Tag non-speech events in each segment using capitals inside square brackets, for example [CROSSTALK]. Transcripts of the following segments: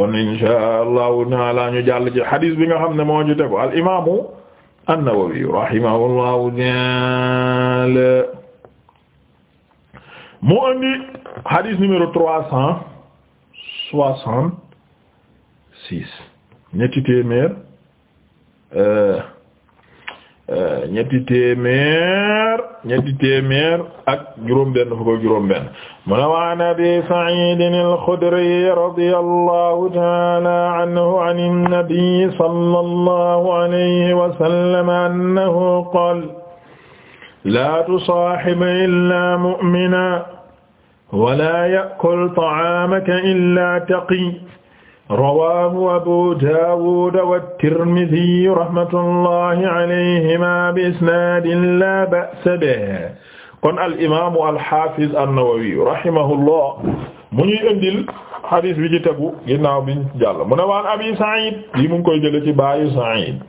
kon insha allahu taala ñu jàll ci hadis bi nga xam ne moo ci tegu al imaamu an-Nawawi rahimahullahu taala mu andi hadis numéro trois cent soixante six ñetti téeméer euh, Euh, ñetti téeméer ñetti téeméer ak juróom-benn fukk ak juróom-benn mu ne wa an abi Sa'id al-Khudri radiyallahu ta'ala anhu an an-nabi sallallahu alayhi wa sallam annahu qala la tusahib illa mu'mina wa la ya'kul ta'amaka illa taqi rawaahu abu daawud wa tirmidi rahmatullahi alayhima bi isnaadin laa ba'sa bihi kon al imaamu alxaafiz an-nawawi rahimahullah mu ñuy indil xadis bi ci tegu ginnaaw biñ jàll mu ne waan abi said yi mu ngi koy jële ci baayu said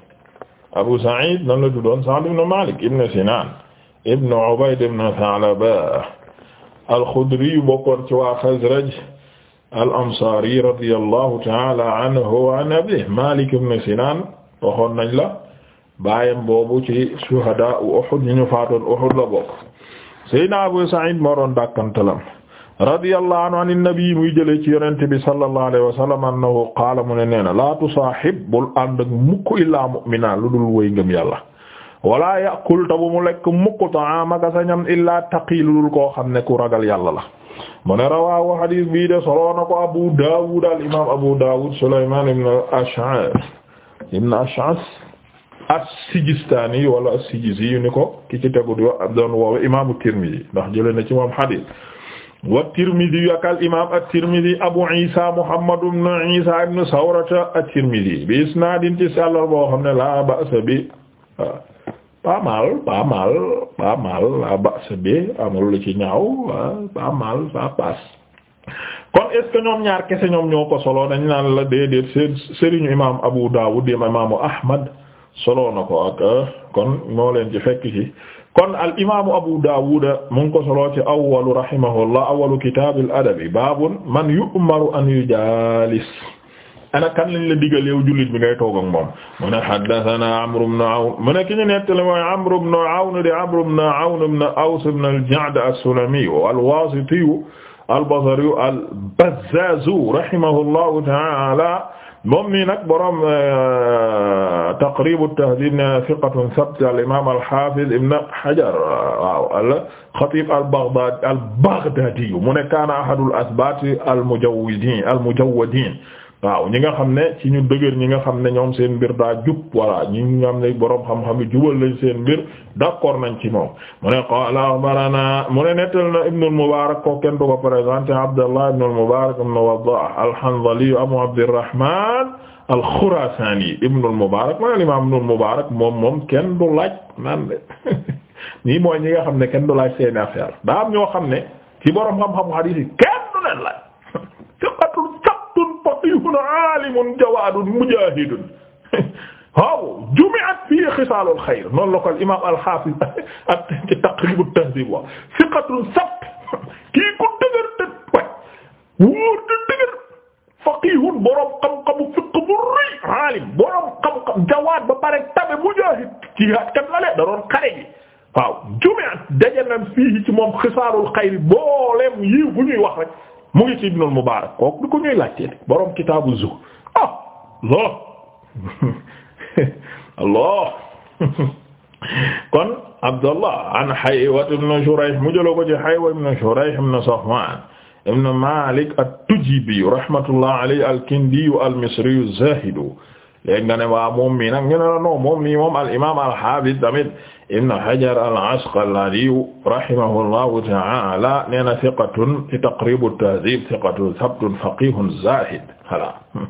abu said nan la tuddoon sa'd ibn malik ibn sinan ibn ubayd ibn tha'laba al-xudri bokkoon ci waa xasraj al-Ansaari radiyallahu ta'ala anhu wa an abiihi Maalik Sinaan waxoon nañ la baayam boobu ci shuhadaa Uhud ñu ñu faatoon Uhud la bokk Seydina Abu Sa'iid moo doon dàkkantalam radiyallahu anhu an nabi muy ci yonent bi sallallahu alayhi wa sallam mu ne nee na laa tusaahib bul mukk illaa mu'mina lu dul woy yàlla wala ya'kul ta mukk ta'aamaka sa ñam taqi lu dul koo xam ne ku ragal yàlla la mu ne rawaahu hadis bii de solo na ko Abu Dawud al imaam Abu Dawud Sulaymaan ibn al-Ash'ath ibn Ash'ath as-Sijistaani wala as-Sijizi ni ko ki ci tegu di doon woowe imaamu Tirmidi ndax jëlee na ci moom hadis wa Tirmidi ak al imaam at-Tirmidi Abu Isa Muhammad ibn Isa ibn Sawrata at-Tirmidi bi isnaadin ci sàllal boo xam ne laa ba'sa bi pas mal pas mal pas mal lu ci ñaaw pas mal ça passe kon est-ce que ñaar kese ñoom ñoo ko solo dañ naan la déedéet seen sëriñu imam Abu Dawud dem imaamu Ahmad solo na ko ak euh, kon moo leen ci fekk ci kon al imaamu Abu Dawud mu ngi ko solo ci awwalu rahimahullah awwalu kitaabil adabi baabun man yu'maru an yujalis ana kan lañ la digal yow jullit bi ngay toog ak moom mu ne haddathana Amr ibn Awn mu ne ki ñu nettali mooy Amr ibn Awn di Amr ibn Awn ibn Aws ibn al-Ja'd as-Sulami al-Wasiti al-Basri al-Bazzaz rahimahullahu ta'ala moom nii nag borom eh, Taqrib at-Tahdhib ne thiqatun thabt al-imam al-hafiz Ibn Hajar waaw al-Khatib al-Baghdadi al-Baghdadi mu ne kana ahadul athbat al-mujawwidin al-mujawwadin waaw ñi nga xam ne ci ñu dëgër ñi nga xam ne ñoom seen mbir daa jub walla ñi nga xam ne boroom xam-xam yi jubal lañ seen mbir d'accord nañ ci moom mu ne qaala axbarana mu ne nettal na ibnu al-Mubaarak ko kenn du ko présenté Abdallah ibnu al-Mubaarak ibnu Waddaah al-Hanzali Abu Abdirrahmaan al-Khuraasaani ibnu al-Mubaarak mu ne imaam ibnu al-Mubaarak moom moom kenn du laaj [LAUGHS] nii mooy ñi nga xam ne kenn du laaj seen affaire daa am ñoo xam ne ci boroom xam-xam hadiis yi kenn du laaj salimun jawaadun mujaahidun waaw jumi'at fii xisaalul xayr noonu la ko al imaam al-Haafiz ak ci Taqriib at-Tahziib wa siqatun sabt kii na dëgër borom xam-xamu fiqh bu rëy aalim ba pare tabe mujaahid ci kat la lee da doon xare gi waaw fii ci moom xisaalul xayr booleem yiw bu ñuy wax mu ngi ci Ibnul Mubaarak kooku du ko ñuy laajtee borom kitaabu zuhd ah Allah Allah kon Abdallah an Haywa ibn Shurayh mu jëloo ko ci Haywa ibn Shurayh ibn Safwan ibn Malik at-Tujibi rahmatullah alayhi al-Kindi al-Misri az-Zahid léegi nga ne waa moom mii nag ñu ne la non moom mii moom al-imam al-Hafiz tamit ibn Hajar al-Asqalani rahimahullahu ta'ala nee na thiqatun ci taqrib at-tahdhib thiqatun thabtun faqihun zahid voilà [LAUGHS]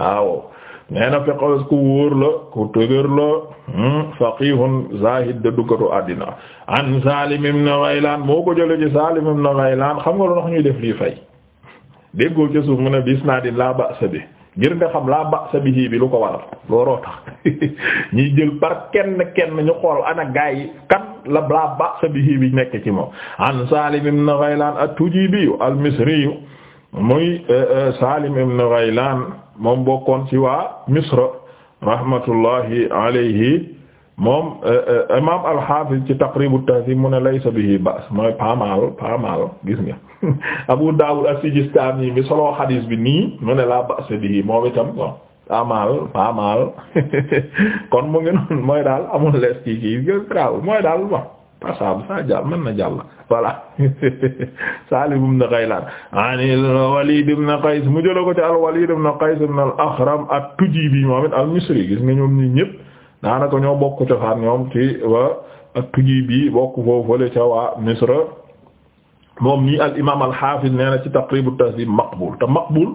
waaw nee na fiqh ku wóor la ku tëgër la hmm, faqihun zahid da duggatu àddina an Salim ibn Ghaylan moo ko jëlee ci Salim ibn Ghaylan xam nga lu tax ñuy def lii fay déggoo ci suuf mu ne bi isnaadin la ba'sa bi ngir nga xam laa ba sa bihi bi lu ko waral looloo tax [LAUGHS] ñiy jël par kenn kenn ñu xool ana gaay yi kan la laa ba bihi bi nekk ci moom an Salim ibn Ghaylan at-Tujibi al-Misri muy eh, eh, Salim ibn Ghaylan moom bokkoon ci waa Misr rahmatullahi alayhi moom euh, euh, imaam al ci Taqrib at-Tahdhib mu ne laysa bihi ba's mooy pas mal gis nga [LAUGHS] Abu Dawud as-Sijistani mi solo xadiis bi nii mu ne laa ba's bihi moom itam bon pas [LAUGHS] kon mu ngi noonu mooy daal amul lees kii kii mooy daal bon passable saa jàll mën na jàll voilà Saalim [LAUGHS] ibn Ghaylan an al-Walid ibn Qays mu jëloo ko ci al-Walid ibn Qays ibn al-Akhram at-Tujibi moom it al-Misri gis nga ñoom ñi ñépp daanaka ñoo bokk cosaan ñoom ci wa ak bi bokk foofale ca waa Misra moom nii al imaam al ci Taqrib at-Tahdhib maqbul te maqbul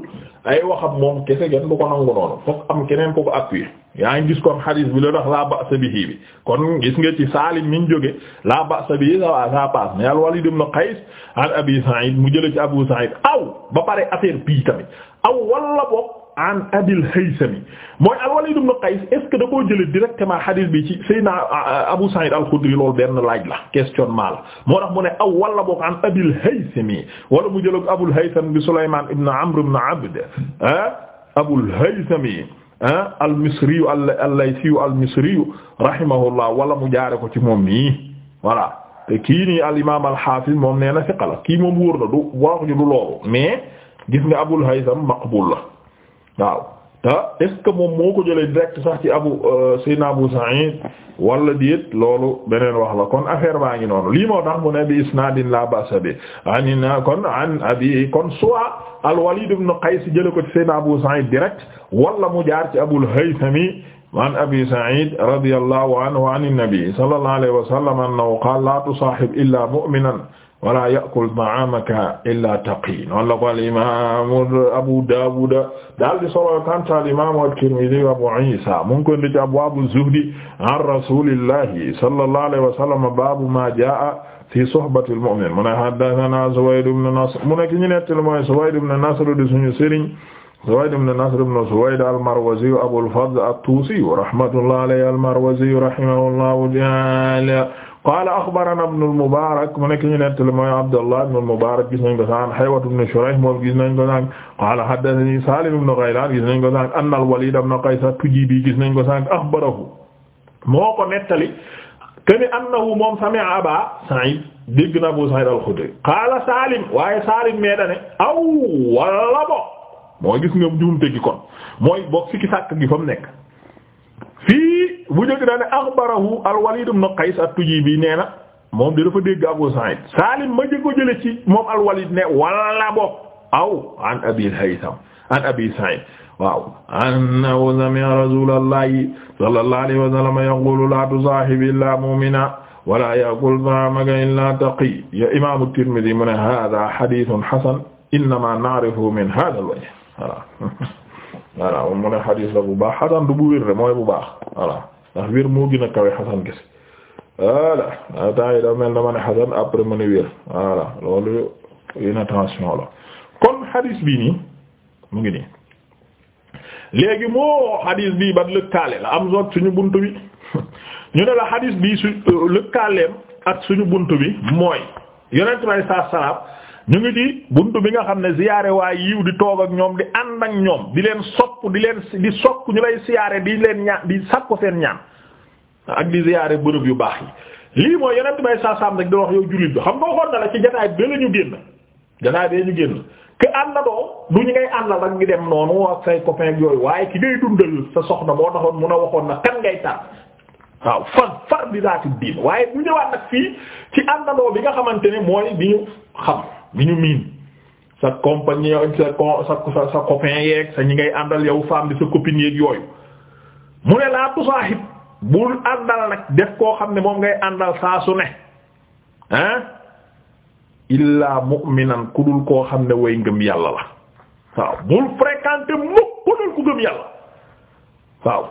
ay waxam moom kese gen du ko nangu noonu foog am keneen ko ko appuyé yaa ngi gis kon xadiis bi la tax laa bi kon gis nga ci Saalim mi ñu jóge laa ba'sa bihi ça va ça passe mais al-Walid Qays an Abi Sa'id mu jële ci Abu Sa'id aw ba pare affaire bii tamit aw wala boog. an abil haysami mooy al-Walid ibn Qays est-ce que da koo jëlee directement xadiis bi ci Seydina euh, euh, Abu Sa'id al-Khudri loolu benn laaj la questionnement la moo tax mu ne aw wala boog an abil haysami wala mu jëloog Abul Haytham bi Sulaymaan ibn Amr ibn Abd ah Abul Haythami ah al-Misri al-Laythi al-Misri rahimahullah wala mu jaare ko ci moom nii voilà te kii nii al-Imaam al-Haafiz moom nee na fiqa la kii moom wóor na du wax ju du loolu mais gis nga Abul Haytham maqbul la. waaw te est-ce que moom moo ko jëlee direct sax ci abu euh, sayna abu sa'id wala déet loolu beneen wax la kon affaire baa ngi noonu lii moo tax mu ne bi isnaadin la ba'sa bi anina kon an abi kon soit al-walid ibn qais jële ko ci sayna abu sa'id direct wala mu jaar ci abul haythami an abi sa'id radiyallahu anhu an an-nabi sallallahu alayhi wa sallam annahu qala la tusahib illa mu'minan wala yakul ta'amaka illa taqi noonu la ko al imam Abu Dawud daal di solo kanta al imam at-Tirmidhi Abu Isa mu ngi ko indi ci abwaabu zuhdi an rasulillahi sallallahu alayhi wa sallam baabu ma jaa fi suhbati al-mu'min mu ne haddathana Suwayd ibn Nasr mu ne ki ñu nettali mooy Suwayd ibn Nasr di suñu sëriñ Suwayd ibn Nasr ibn Suwayd al-Marwazi Abul Fadl at-Tusi rahmatullahi alayhi al-Marwazi rahimahullahu ta'ala qaala axbaranaa ibnul Mubaarak mu nekk ñu nettali mooy Abdallah ibnul Mubaarak gis nañ ko saan Haywatu ibnu Shurayh moom gis nañ ko saan qaala haddathanii Saalim ibnu Ghaylaan gis nañ ko saan anna al-Waliid ibnu Qays at-Tujiibi gis nañ ko saan axbarahu moo ko nettali kene annahu moom sami'a Abaa Sa'iid dégg na Abuu Sa'iid al-Xudri qaala Saalim waaye Saalim mee dane aw walla bo mooy gis nga juumte gi kon mooy boog sikki sàkk gi fa mu nekk fii bu njëkk daa ne axbarahu al-Walid ibn Qays at-Tujibi nee na moom de dafa dégg Abu Sa'id Salim ma jëkko jële ci moom al-Walid ne wala boog aw an Abi al-Haytham an Abi Sa'id waaw annahu sami'a rasulallahi sallallahu alayhi wa sallam yaqulu la tusahib illa mu'mina wala ya'kul ta'amaka illa taqi ya imam at-Tirmidhi mu ne hadha hadithun hasan innama na'rifu min hadha al-wajh voilà [LAUGHS] voilà mu ne hadith la bu baax hasan du bu wér mooy bu baax voilà ndax wér moo gën a kawe xasan gis voilà temps yi da mel dama ne xasan après ma wér voilà loolu une attention la kon hadis bi nii mu ngi nii léegi moo hadis bii ba lëkkaale la am zoot suñu bunt bi [LAUGHS] ñu ne la hadis bi su euh, lëkkaaleem ak suñu bunt bi mooy yonent bay saa salaam ñu ngi di bunt bi nga xam ne ziyaare waaye yiw di toog ak ñoom di ànd ak ñoom di leen sopp di leen di sopp ñu lay siyaare di leen ñaan di ko seen ñaan ak di ziyaare bërëb yu baax yi lii mooy yeneen may saasaam rek di wax yow jullit bi xam nga waxoon na la ci jataay bi la ñu génn jataay bee ñu génn ke àndandoo du ñu ngay àndal rek ngi dem noonu ak say copain yooyu waaye ki ngay dundal sa soxna moo taxoon mun a waxoon na kan ngay tar waaw far far bi waaye bu ñëwaat nag fii ci àndandoo bi nga xamante ne mooy bi ñu bi ñu miin sa compagnie sa sa sa sa ñi ngay àndal yow femme bi sa copine yeeg yooyu mu ne laa tusaahib bul àndal nag def koo xam ne moom ngay àndal saa su ne ah illaa mu'minan ku dul koo xam ne way ngëm yàlla la waaw bul fréquenter mukk ku dul ku gëm yàlla waaw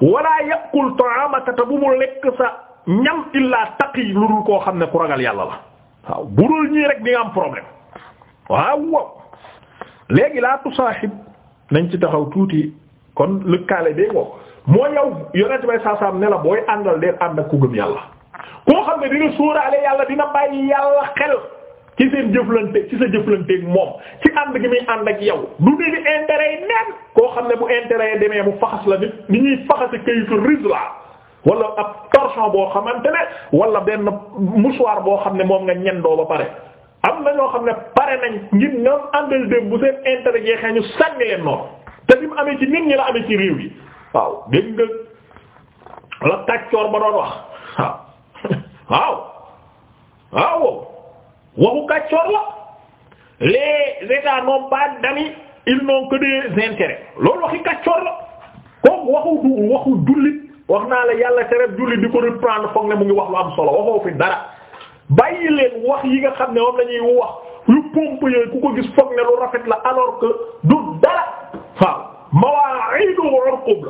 wala yàqul ta'amaka te bu mu lekk sa ñam illaa taqi lu dul koo xam ne ku ragal yàlla la waaw bu dul ñii rek di am problème waaw waaw léegi laa tusaaxib nañ ci taxaw tuuti kon lëkkaale bee ko moo yow yonent bay saasaam nela booy àndal deel ànd ak ku gëm yàlla koo xam ne dina suuraale yàlla dina bàyyi yàlla xel ci seen jëflante ci sa jëflanteeg moom ci ànd gi muy ànd ak yow du ne di intérêt yi neen koo xam ne bu intérêt yi demee mu faxas la nit ñi ñuy faxase kayitu rizla wala ab torchon boo xamante ne wala benn mouchoir boo xam ne moom nga doo ba pare am na ñoo xam ne pare nañ ngir ñoom àndal démb bu seen intérêt jeexee ñu sànni leen noonu te bi mu amee ci nit ñi la amee ci réew yi waaw dégg nga la kàccoor ba doon wax waaw waaw waxu kàccoor la les états n'ont pas d'amis ils n'ont que des intérêts loolu waxi kàccoor la kooku waxu du waxu dullit wax naa la yàlla tere julli di ko reprendre foog ne mu ngi wax lu am solo waxoo fi dara bàyyi leen wax yi nga xam ne moom la ñuy wax yu pompe yooyu ku ko gis foog ne lu rafet la alors que du dara waaw mawaa'idu urqub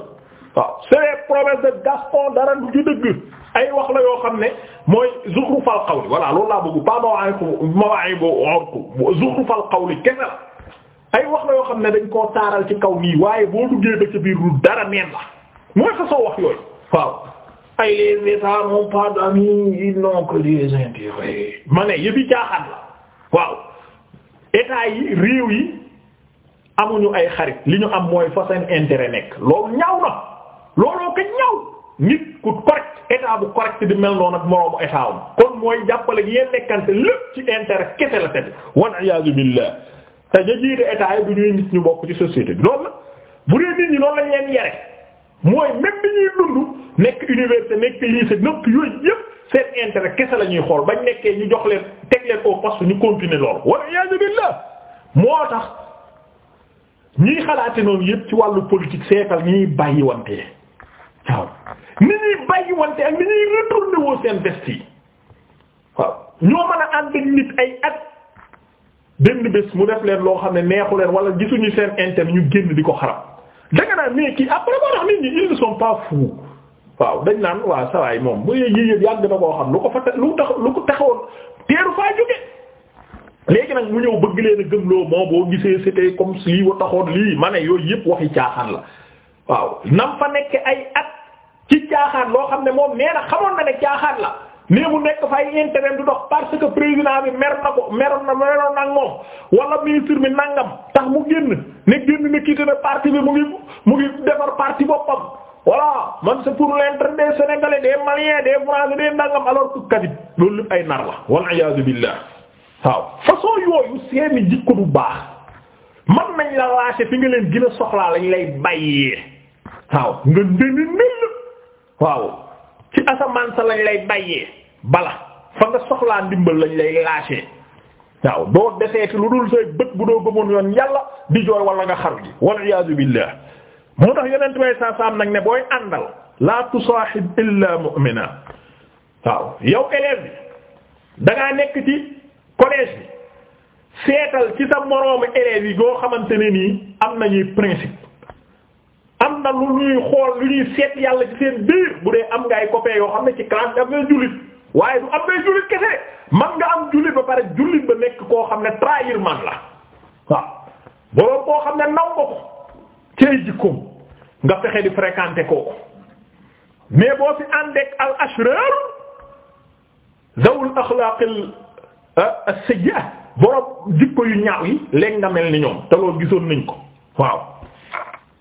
la dara du ay wax la yoo xam ne mooy zuxrufal qawli voilà loolu laa bëgg ba mawaa'idu urqub zuxrufal qawli kese la ay wax la yoo xam ne dañ ko taaral ci kaw nii waaye boo duggee ba ci biir lu dara neen la. mooy façon wax yooyu waaw ay les états n'ont pas d'amis ils n'ont que des ma ne yëpp yi caaxaan la waaw état yi réew yi amuñu ay xarit li ñu am mooy fa seen nekk loolu ñaaw na looloo ko ñaaw nit ku correct état bu correct di mel noonu ak moroomu état am kon mooy jàppale yeen nekkante lépp ci intérêt kese la tegu wan iyaazu billah te ña jiite état yi du ñuy nit ñu bokk ci société bi loolu la bu dee nit ñi noonu lañ leen yare mooy même bi ñuy dund nekk université nekk lycée nekk yooyu yëpp seen intérêt kese la ñuy xool bañ nekkee ñu jox leen teg leen au poste ñu continuer lool wala iyaazu billah moo tax ñiy xalaate noonu yëpp ci wàllu politique seetal ñu ñuy bàyyi wante waaw ni ñuy bàyyi wante ak ni ñuy woo seen veste yi ñoo mën a ànd nit ay at benn bés mu def leen loo xam ne neexu leen wala gisuñu seen intérêt ñu génn di ko xarab ah mais kii après moo tax nit ñi ils ne sont pas fous waaw dañ naan waa sawaay moom bu yee yéeg yàgg na koo xam lu ko fa tax lu ko taxawoon teeru faa jóge léegi nag mu ñëw bëgg leen a gëmloo moo boo gisee c'était comme lii wa taxoon lii ma ne yooyu yëpp waxi caaxaan la waaw nam fa nekk ay at ci caaxaan loo xam ne moom nee na xamoon na ne caaxaan la. mais mu nekk fay intérêt du dox parce que président bi mer na ko meroon na meroon na moom wala ministre bi nangam tax mu génn ne génn ne quitté na parti bi mu ngi mu ngi defar parti boppam voilà man c'est pour l'intérêt des sénégalais des maliens des français des nangam alors que kadib loolu lépp ay nar la wal iyaazu billah waaw façon yooyu seeni jikko du baax man nañ la lâché fi nga leen gën a soxlaa lañ lay bàyyee waaw nga ndeni nell waaw ci asamaan sa lañ lay bàyyee bala fa nga soxlaa ndimbal lañ lay lâché waaw doo deseeti lu dul say bët bu doo gëmoon yoon yàlla di jooy wala nga xaru ji wal iyaazu billah moo tax yonent way saa saam nag ne booy àndal la tusahib illa mu'mina waaw yow élève bi da nekk ci collège bi seetal ci sa moroomu élèves yi goo xamante ne nii am nañuy principe am na lu ñuy xool lu ñuy seet yàlla ci seen biir bu dee am nga ay copains yoo xam ne ci classe bi am jullit waaye du am na jullit kese man nga am jullit ba pare jullit ba nekk koo xam ne trahir la waaw boroom koo xam ne naw nga ko cay jikkoom nga fexe di fréquenter kooku mais boo fi àndeek al ashrar zawul axlaaqil ah, as-sayyi'a boroom jikko yu ñaaw yi léegi nga mel ni ñoom te loolu gisoon nañ ko waaw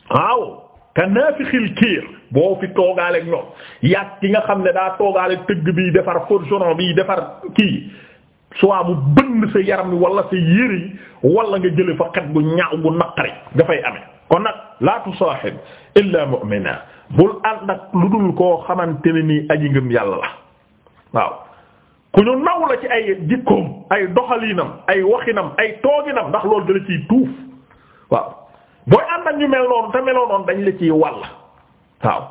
waaw ka naafixil kiir boo fi toogaaleeg ñoom yàgg ki nga xam ne daa toogaaleeg tëgg bi defar forgeron bi defar kii soit mu bënn sa yaram walla sa yére yi wala nga jële fa xet gu ñaaw gu naqari nga fay amee kon nag la tusahib illa mu'mina bul ànd ak lu dul koo xamante ne nii aji ngëm yàlla la waaw ku ñu naw la ci ay jikkoom ay doxalinam ay waxinam ay tooginam ndax loolu dala ciy tuuf waaw booy ànd ak ñu mel noonu te meloo noonu dañ la ciy walla waaw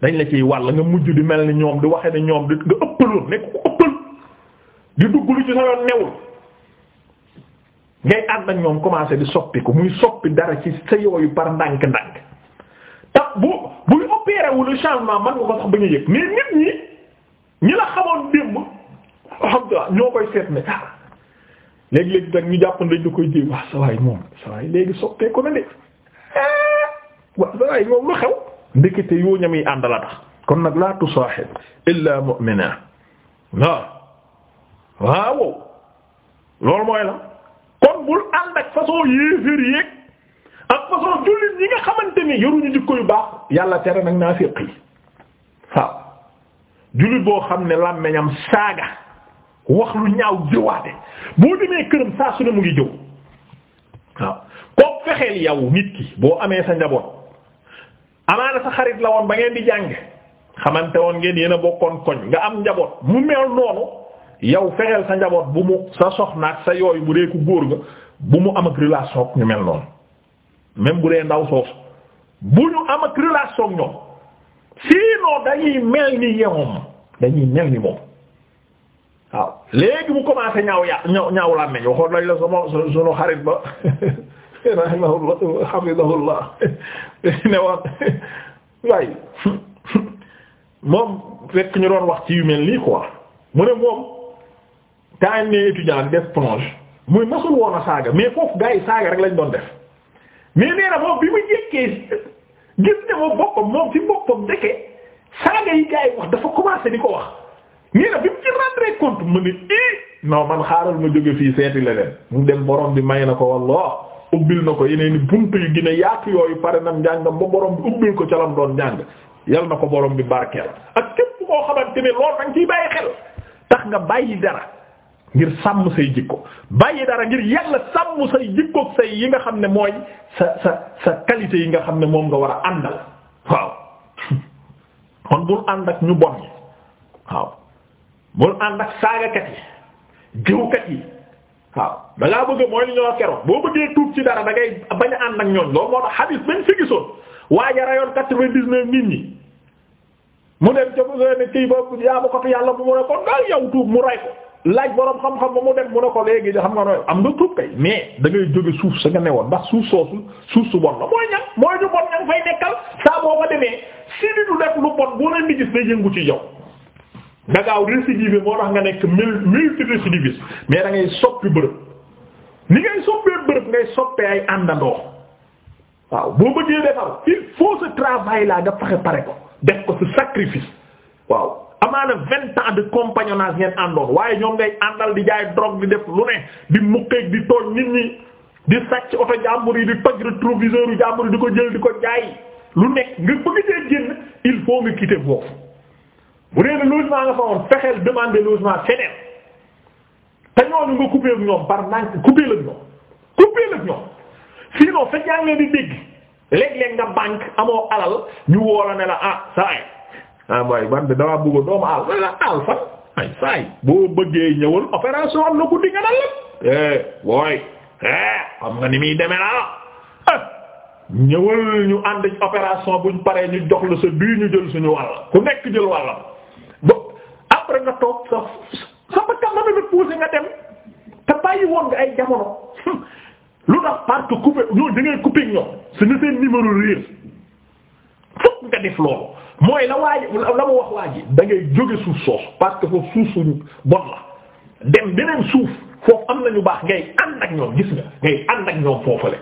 dañ la ciy wàll nga mujj di mel ni ñoom di waxe ne ñoom di nga ëppaloon nekk ko ëppal di dugg lu ci sa yoon commencé di soppi ko muy dara ci sa yooyu par ndànk-ndànk tax bu buy opéré wu changement man nga ko sax ba ñu yëg mais nit ñi ñi la xamoon démb alhamdulilah ñoo koy seet ne ah, léegi-léegi nag ñu jàpp dañ da koy jéem waaw ah, sawaay moom sawaay léegi sottee ko na de [LAUGHS] waaw sawaay moom lu xew ndekete yoo ñam yi ànd la tax kon nag laa tusaahib illa mu'mina waaw waaw loolu mooy la kon bul ànd ak façon yéeféer yéeg ak façon jullit ñi nga xamante ni yoruñu jikko yu baax yàlla tere nag naafiq yi waaw jullit boo xam ne làmmeñam saaga wax lu ñaaw jëwaate boo demee këram saa su ne mu ngi jëw waaw kooku fexeel yow nit ki boo amee sa njaboot amaana sa xarit la woon ba ngeen di jàng xamante woon ngeen yéen a bokkoon koñ nga am njaboot mu mel noonu yow fexeel sa njaboot bu mu sa soxnaak sa yooyu bu dee ku góor nga bu mu am ak relation ak ñu mel noonu même bu dee ndaw soosu bu ñu am ak relation ak ñoom sinon dañuy mel ni yeewam dañuy mel ni moom. waaw léegi mu commencé ñaaw ya ñaaw ñaaw la meñ waxoon lañ la sama sunu xarit ba [LAUGHS] rahimahullah hafidahullah [LAUGHS] ne [LAUGHS] waaye moom fekk ñu doon wax ci yu mel nii quoi mu ne moom temps ne étudiant def plonge muy masul woon a saaga mais foofu gars yi saaga rek lañ doon def mais nee moom bi mu njëkkee gis ne moom boppam moom ci boppam dëkke saaga yi gars yi wax dafa commencé di ko wax ñii na bi mu ci rendre compte mu ne i non man xaaral ma jóge fii seeti leneen mu dem borom bi may na ko walla ubbil na ko yeneen bunt yu gën a yaatu yooyu pare nam njàngam ba borom bi ubbil ko calam doon njàng yal na ko borom bi barkeel ak képp koo xamante ne loolu dañ ciy bàyyi xel tax nga bàyyi dara ngir sàmm say jikko bàyyi dara ngir yàlla sàmm say jikko say yi nga xam ne mooy sa sa sa qualité yi nga xam ne moom nga war a àndal waaw [LAUGHS] kon bul ñu bon moom ànd ak saagakat yi jiwkat yi waaw da ngaa bëgg mooy li ñoo keroon boo dee tuub ci dara da ngay bañ a ak ñoom loolu moo tax xadiis bañ fi gisoon waaja rayoon quatre nit ñi mu dem ca ne kii boobu jaamukatu yàlla bu mu ne ko daal yow tuub mu laaj borom xam-xam ba mu dem ko léegi xam nga nooy am nga tuub kay mais da ngay jóge suuf sa ne woon ndax suuf soosu suuf su bon la mooy ñan mooy ñu bon ñan fay nekkal saa boo fa demee si du def lu bon boo leen di gis day yëngu ci yow dagaaw récidive moo tax nga nekk mil multi récidiviste mais da ngay soppi bërëb ni ngay soppee bërëb ngay soppee ay àndandoo waaw boo bëggee defar il faut ce travail là nga fexe pare ko def ko ci sacrifice waaw amaana vingt ans de compagnonnage ngeen àndoo waaye ñoom ngay àndal di jaay drogue di def lu ne di mukkeeg di tool nit ñi di sàcc oto jàmbur yi di toj rétroviseur jàmbur yi di ko jël di ko jaay lu nekk nga bëgg dee génn il faut nga quitter foofu bu dee ne logement nga fa woon fexeel demander logement feneen te ñooñu nga coupé ak ñoom par manque coupé la ak ñoom coupé la ak ñoom di dégg léeg-léeg nga banque amoo alal ñu woola ne la ah saa ah, yi man de bëgg doomu aal wala bëggee ñëwal opération am na ku di nga dal lépp. booy eh, eh, xam nga ni muy demee naa eh, ñëwal ñu ànd ci bu buñ paree ñu jox la sa biir ñu jël suñu wàll ku nekk jël wàllam. ba après nga toog sa sa bakkan la nga poussé nga dem te bàyyi woon nga ay jamono [LAUGHS] lu tax parce que coupé ñoo da ngay coupé ñoom suñu seen numéro réer fokk nga def loolu mooy la waa la mu wax waa ji da ngay jóge suuf soosu parce que foofu suuf suñu bon la dem beneen suuf foofu am nañu baax ngay ànd ak ñoom gis nga ngay ànd ak ñoom foofale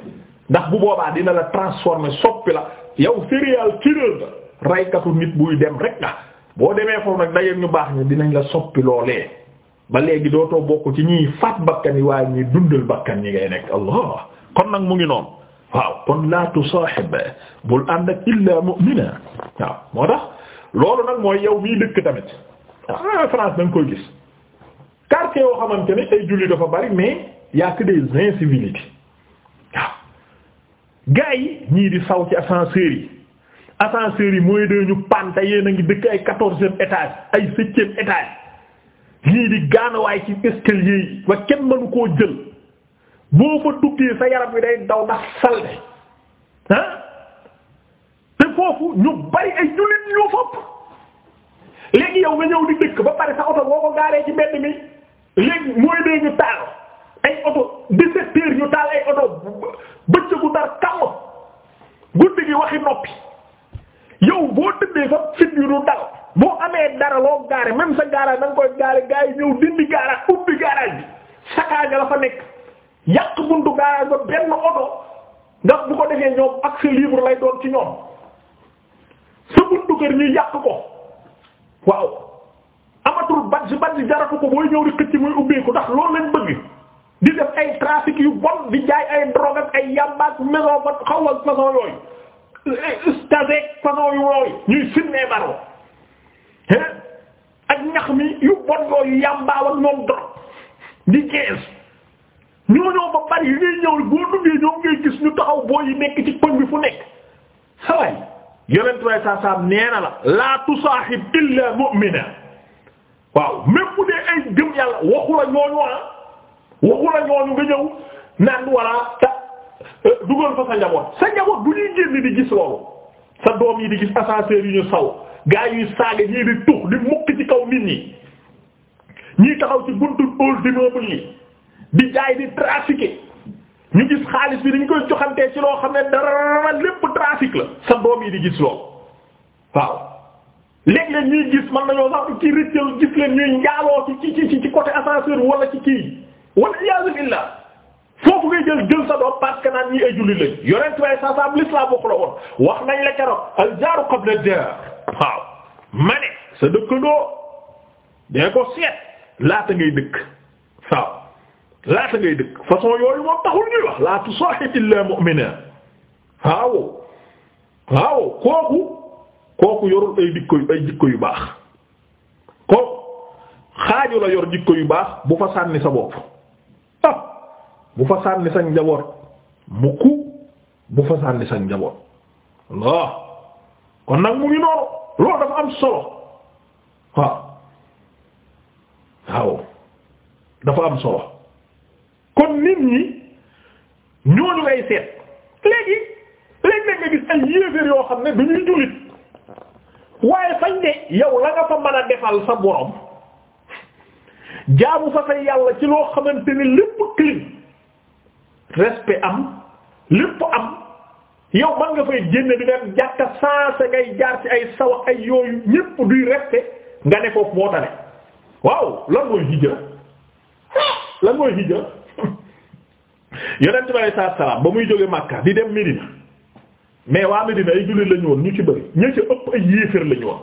ndax bu boobaa dina la transformer soppi la yow serial killer nga raykatu nit buy dem rek nga boo demee foofu nag dajeeg ñu baax ñi dinañ la soppi loolee ba léegi dootoo bokk ci ñuy faat bakkan yi waaye ñuy dundal bakkan yi ngay nekk allah kon nag mu ngi noonu waaw kon la tusahib bul ànd ak illa mu'mina waaw moo tax loolu nag mooy yow miy dëkk tamit ah France da nga koy gis quartier yoo xamante ne ay julli dafa bari mais y a que des waaw gars yi ñii di saw ci ascenseurs yi. ascenseurs yi mooy dee ñu panta yéen a ngi dëkk ay quatorzième étage ay septième étage lii di gaanawaay ci escalier yi ba kenn mënu koo jël boo fa duggee sa yaram wi day daw ndax salte ah te foofu ñu bari ay jullit ñoo fopp léegi yow nga ñëw di dëkk ba pare sa oto boo ko gaaree ci mbedd mi léegi mooy dee ñu taal ay oto dix-sept heures ñu taal ay oto bëccëgu ndar kàmm guddi gi waxi noppi yow boo tëddee fa fit yu du dal boo amee dara loo gaare même sa garage da nga koy gaare gaa yi ñëw dindi garage ubbi garage bi sakaa nga la nekk yàq buntu garage ba benn oto ndax bu ko defee ñoom accès libre lay doon ci ñoom sa buntu kër ñu yàq ko waaw amatul badge badge jaratu ko booy ñëw di xëcc muy ubbeeku ndax loolu lañ bëgg di def ay trafic yu bon di jaay ay drogue ay yàmbaak maison ba xaw ak façon yooyu staseeg façon yu wooyu ñuy sinnee baro ak ñax mi yu bon yooyu yàmbaaw ak ñoom drog di kees ñooñoo ba bari yu ngay ñëw boo duggee ñoom ngay gis ñu taxaw boo nekk ci koñ bi fu nekk saway yonent way saa la la tusaaxib waxu la ah. nga ñëw naan walla dugal fa sa njaboot sa njaboot bu ñuy génn di gis loolu sa doom yi di gis ascenseur yu ñu saw gaa yuy saaga ñii di tux di mukk ci kaw nit ñi ñii taxaw ci buntu hall d'immeuble yi di jaay di trafiquer ñu gis xaalis bi dañ koy joxantee ci loo xam ne dara lépp trafic la sa doom yi di gis loolu waaw léeg-léeg ñuy gis man nañoo sax ci rëccal gis leen ñuy njaaloo ci ci ci ci côté ascenseur wala ci kii wala iyaazu billah foofu ngay jël jël sa doom parce que naan ñi ay julli lañ yonent waaye saa sam l'islam bokku la woon wax nañ la keroog al jaaru qabla daar waaw ma sa dëkkandoo dee ko seet laata ngay dëkk waaw laata ngay dëkk façon yooyu moom taxul ñuy wax la tusahib illa mu'mina waaw waaw kooku kooku yorul ay dikko yu baax kooku xaaju la yor dikko yu baax bu fa sànni sa bopp bu fa sànni sa njaboot mukk bu fa sànni sa njaboot loo kon nag mu ngi noonu loolu dafa am solo waaw dafa am solo kon nit ñi ñooñu ngay seet léegi léegi nag nga gis ay yéeféer yoo xam ne duñuy jullit waaye fañ ne yow la nga fa mën a defal sa borom jaamu fa sa yàlla ci loo xamante ni lépp clean respect am lépp am yow man nga fay génne di dem jàkka saase ngay jaar ci ay sawa ay yooyu ñépp duy respect nga ne foofu moo tane waaw lan mooy hijra [LAUGHS] lan mooy hijra [LAUGHS] yonent bi alayhi salaatu salaam ba muy jóge Makka di dem Medina mais waa Medina ay jullit lañu woon ñu ci bëri ñu ci ëpp ay yéeféer lañu woon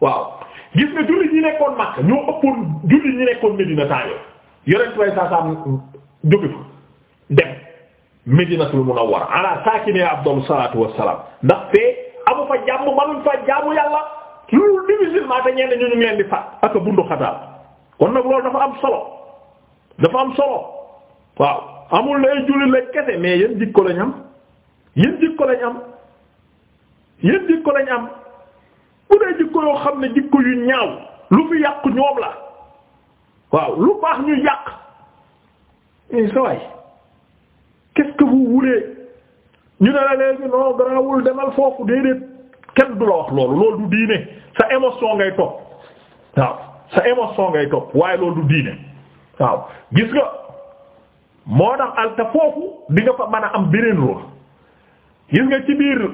waaw gis nga jullit ñi nekkoon Makka ñoo ëppoon jullit ñi nekkoon Medina taa yooyu yonent bi alayhi salaatu salaam jóge fa dem Medinatul Munawwara ala saakine abdal salaatu wassalaam ndax fee amu fa jàmm manuñ fa jaamu yàlla loolu difficilement te ñenn ñu ñu leen di faat ak bundu kon nag loolu dafa am solo dafa am solo waaw amul lay jullit lañ kese mais yéen jikko ko am yéen jikko lañ am yéen jikko bu dee jikko yoo xam ne jikko yu ñaaw lu fi yàq ñoom la waaw lu baax ñu yàq ñu eh, sa qu'est-ce que vous ñu ne la léegi non garaawul demal foofu déedéet kenn du la wax loolu loolu du diine sa émotion ngay topp waaw sa émotion ngay topp waaye loolu du diine waaw gis nga moo tax al te foofu di fa mën a am beneen rôle gis nga ci biir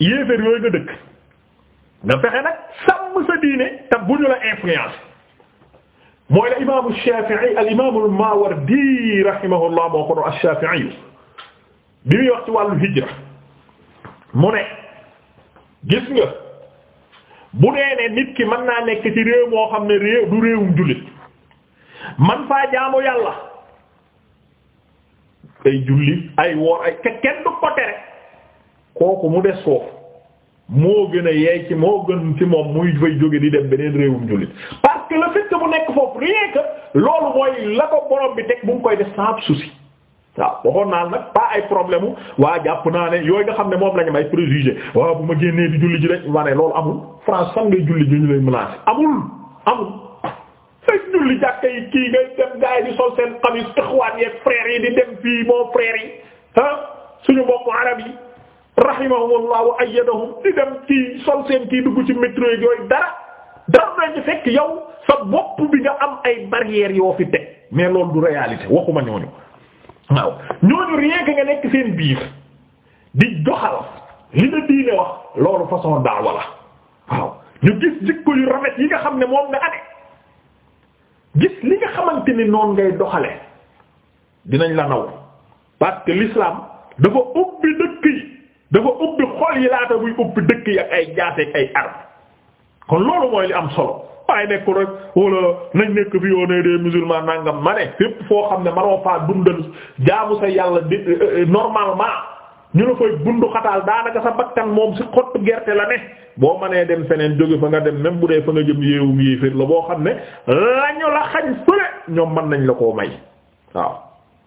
yéeféer yooyu nga dëkk nga fexe nag sàmm sa diine te bu ñu la influence mooy la imaamu Shaafi'i al imaamu Maawardi rahimahullah moo ko doon Shaafi'i bi muy wax ci wàllu hijra mu ne gis nga bu dee nit ki mën naa nekk ci réew moo xam ne réew du réewum jullit man faa jaamu yàlla ay julli ay woor ay kenn du ko tere kooku mu des foofu moo gën a yeey ci moo gën ci moom muy fay jóge di dem beneen réewum jullit bopp rien que loolu mooy la ko borom bi teg bu ngi koy def sans souci waaw waxoon naa nag pas ay problème waa jàpp naa ne yooyu nga xam ne moom la ñu am ay préjugé waaw bu ma génnee di julli ji rek ma ne loolu amul France fan ngay julli ñu lay menacer amul amul. fekk jàkka yi kii ngay dem gars di sol seen xamis ixwaan yeeg frères di dem fii moo frères yi ah suñu mbokku arab yi rahimahumullahu ayyadahum di dem kii sol seen kii dugg ci métro yooyu dara. dara nañ fekk yow sa bopp bi nga am ay barrières yoo fi teg mais loolu du réalité waxuma ñooñu waaw ñooñu rien que nga nekk seen biir di doxal li nga diine wax loolu façon daawa la waaw ñu gis jikko yu rafet yi nga xam ne moom nga ame gis li nga xamante ni noon ngay doxale dinañ la naw parce que l'islam dafa ubbi dëkk yi dafa ubbi xol yi laata buy ubbi dëkk yi ak ay jaase ak ay armes kon loolu mooy li am solo waaye nekku rek wala nañ nekk fi yoonee des musulmans nangam ma ne fépp foo xam ne manoo faa dundal jaamu sa yàlla di euh, euh, normalement ñu la koy bundu xataal daanaka sa bakkan moom gerte la boo mënee dem feneen jóge fa nga dem même bu dee fa nga jëm yéewum yéeféer la boo xam ne lañu la xañ fële ñoom mën nañ la koo may waaw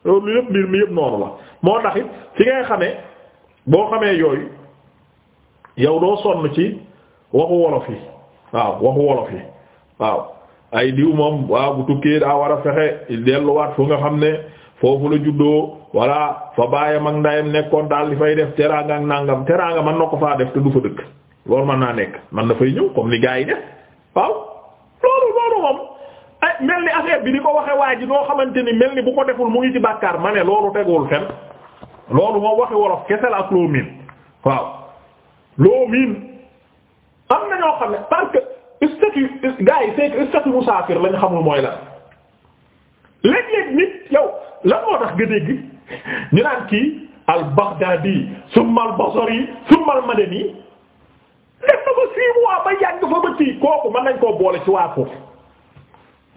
loolu yëpp mbir mi yëpp noonu la moo tax it fi ngay xamee boo xamee yooyu yow doo sonn ci waxu wolof yi waaw waxu wolof yi waaw ay diw moom waaw bu tukkee daa war a fexe delluwaat fu nga xam ne foofu la juddoo walla fa baayam ak ndayam nekkoon daal di fay def teraanga ak nangam teraanga man na ko faa def te du fa dëkk loolu mën naa nekk man na fay ñëw comme ni gaa yi def waaw loolu loolu moom ay mel ni affaire bi di ko waxe waa ji noo xamante ni mel ni bu ko deful mu ngi ci bàkkaar ma ne loolu teguwul fen loolu moom waxe wolof kese la ak loo miin am na ñoo xam ne parce que statut yi c'est que musaafir lañ xamul mooy la léeg-léeg nit yow lan moo tax nga dégg ñu naan kii al Baghdadi summa al Basri Madani def na ko six mois ba yàgg fa ba tii kooku mën nañ koo boole ci waa foofu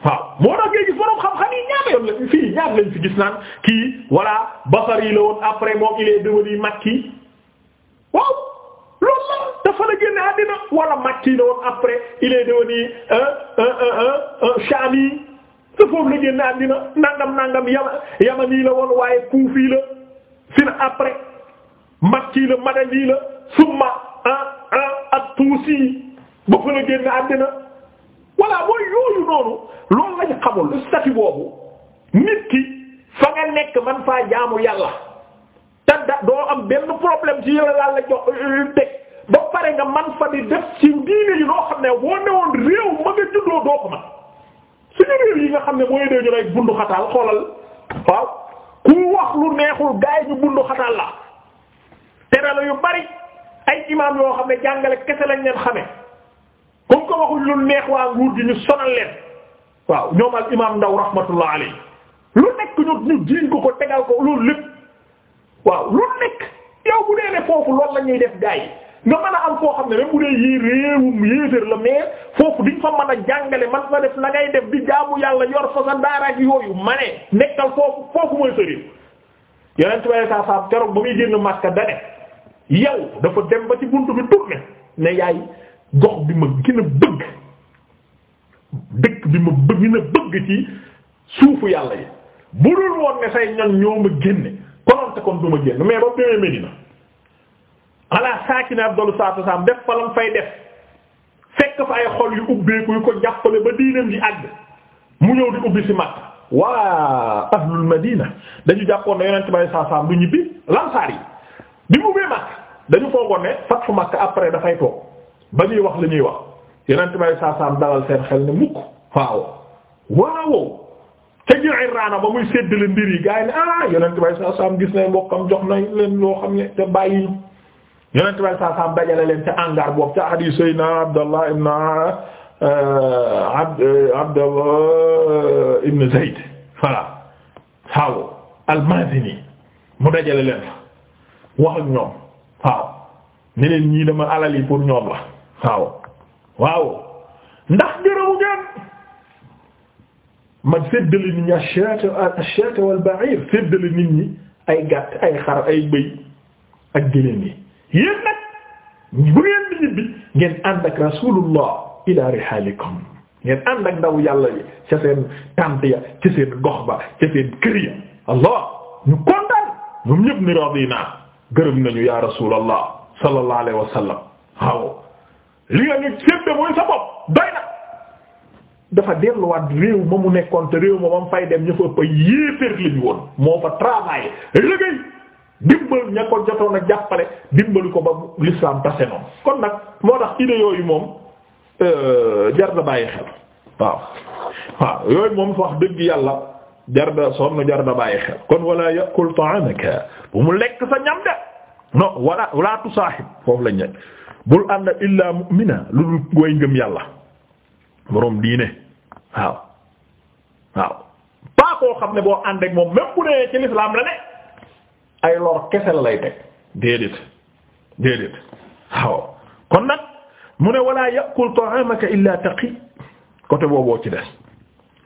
waaw moo tax ngay gis borom xam-xam yi ñaata yoon la fii ñaata lañ fi gis naan kii voilà Basri la woon après moom il est devenu Makki waaw. loolu la dafa la génne àddina wala Makki la après il est devenu un un un un te foofu la génne àddina nangam nangam yama yamani la woon waaye Kufi la fi na après Makki la Madani la summa ah ah ak ba fa génne àddina voilà mooy yooyu noonu loolu lañu xamul statut boobu nit ki fa nga nekk man faa jaamu yàlla. te da doo am benn problème ci yow la la jox euh, euh, teg ba pare nga man fa di def ci diine loo xam ne boo newoon réew ma nga juddoo doo ko man suñu réew yi nga xam ne mooy dee ñu lay bundu xoolal waaw ku wax lu neexul gaay ñu bundu xataal la yu bari ay imaam yoo xam ne jàngale kese lañ leen xame comme ko waxuñ lu neex waa nguur gi ñu sonal leen waaw ñoom al imaam Ndaw rahmatullah alayhi lu nekk ñu ñu jiiñ ko ko tegal ko loolu lépp waaw lu nekk yow bu dee ne foofu loolu la ñuy def gaa yi nga mën a am foo xam ne rek bu dee yii réewum la mais foofu di nga fa mën a jàngale man fa def nangay ngay def di jaamu yàlla yor fa sa daara ak yooyu ma ne nekkal foofu foofu mooy sëriñ yeneen tubaab saa saa keroog ba muy génn Makka dane yow dafa dem ba ci buntu bi tourné ne yaay gox bi ma gën a bëgg dëkk bi ma bëgg gën a bëgg ci suufu yàlla yi bu dul woon ne say ñoom ñoo ma génne. konte kon du ma génn mais ba mu demee Medina ala saaki ne abdolu saatu saam def fa lam fay def fekk fa ay xol yu ubbeeku yu ko jàppale ba diinam ji àgg mu ñëw di ubbi ci Makka waa ahlul madina dañu jàppoon ne yonent bay saa saam du ñibbi lansaar yi bi mu ubbee Makka dañu foogoon ne fatfu Makka après dafay toog ba ñuy wax li ñuy wax yonent bay saa saam dalal seen xel ne mukk waaw waaw ca Ji'irraana ba muy séddale mbir yi gars yi ne ah yonent bay saa saam gis nañ mbokkam jox nañ leen loo xam ne te bàyyi yonent bay saa saam dajale leen ca angar boobu ca hadiis Seydina Abdallah ibn uh, Abd uh, Abdallah uh, ibn Zayd voilà waaw al-Maazini mu dajale leen fa wax ak ñoom waaw ñeneen ñii dama alal yi pour ñoom la waaw waaw ndax gërëmu ngeen ma séddale nit ñi ash-shaat wal-ba'iir séddale nit ñi ay gàtt ay xar ay bëy ak géléem yi yéen nag bu ngeen di ñibbi ila rihaalikum ngeen ànd ak ndaw yàlla yi ca seen tànt ya ca seen gox ba ca seen kër ya allah ñu kontaan ñoom ñëpp ni radina gërëm ya rasulallah sallallahu alayhi wa sallam waaw li nga ñu sédde mooy sa bopp dafa delluwaat réew ma mu nekkoon te réew ma ba mu fay dem ñu fa ëpp yéeféer li woon moo fa travail liggéey dimbal ña ko jotoon a jàppale dimbali ko ba l'islam tase noonu kon nag moo tax idée yooyu moom euh, jar da bàyyi xel waaw waaw yooyu moom wax dëgg yàlla jar sonn jar da bàyyi xel kon wala ya'kul ta'amaka bu mu lekk sa ñam de non wala wala tusaahib foofu lañ nekk bul ànd illaa mu'mina lu dul way ngëm yàlla boroom diine waaw waaw pas koo xam ne boo ànd ak moom même bu nee ci lislaam la ne ay lor kese la lay teg déedéet déedéet waaw kon nag mu ne wala ya'kul ta'amaka illa taqi côté booboo ci des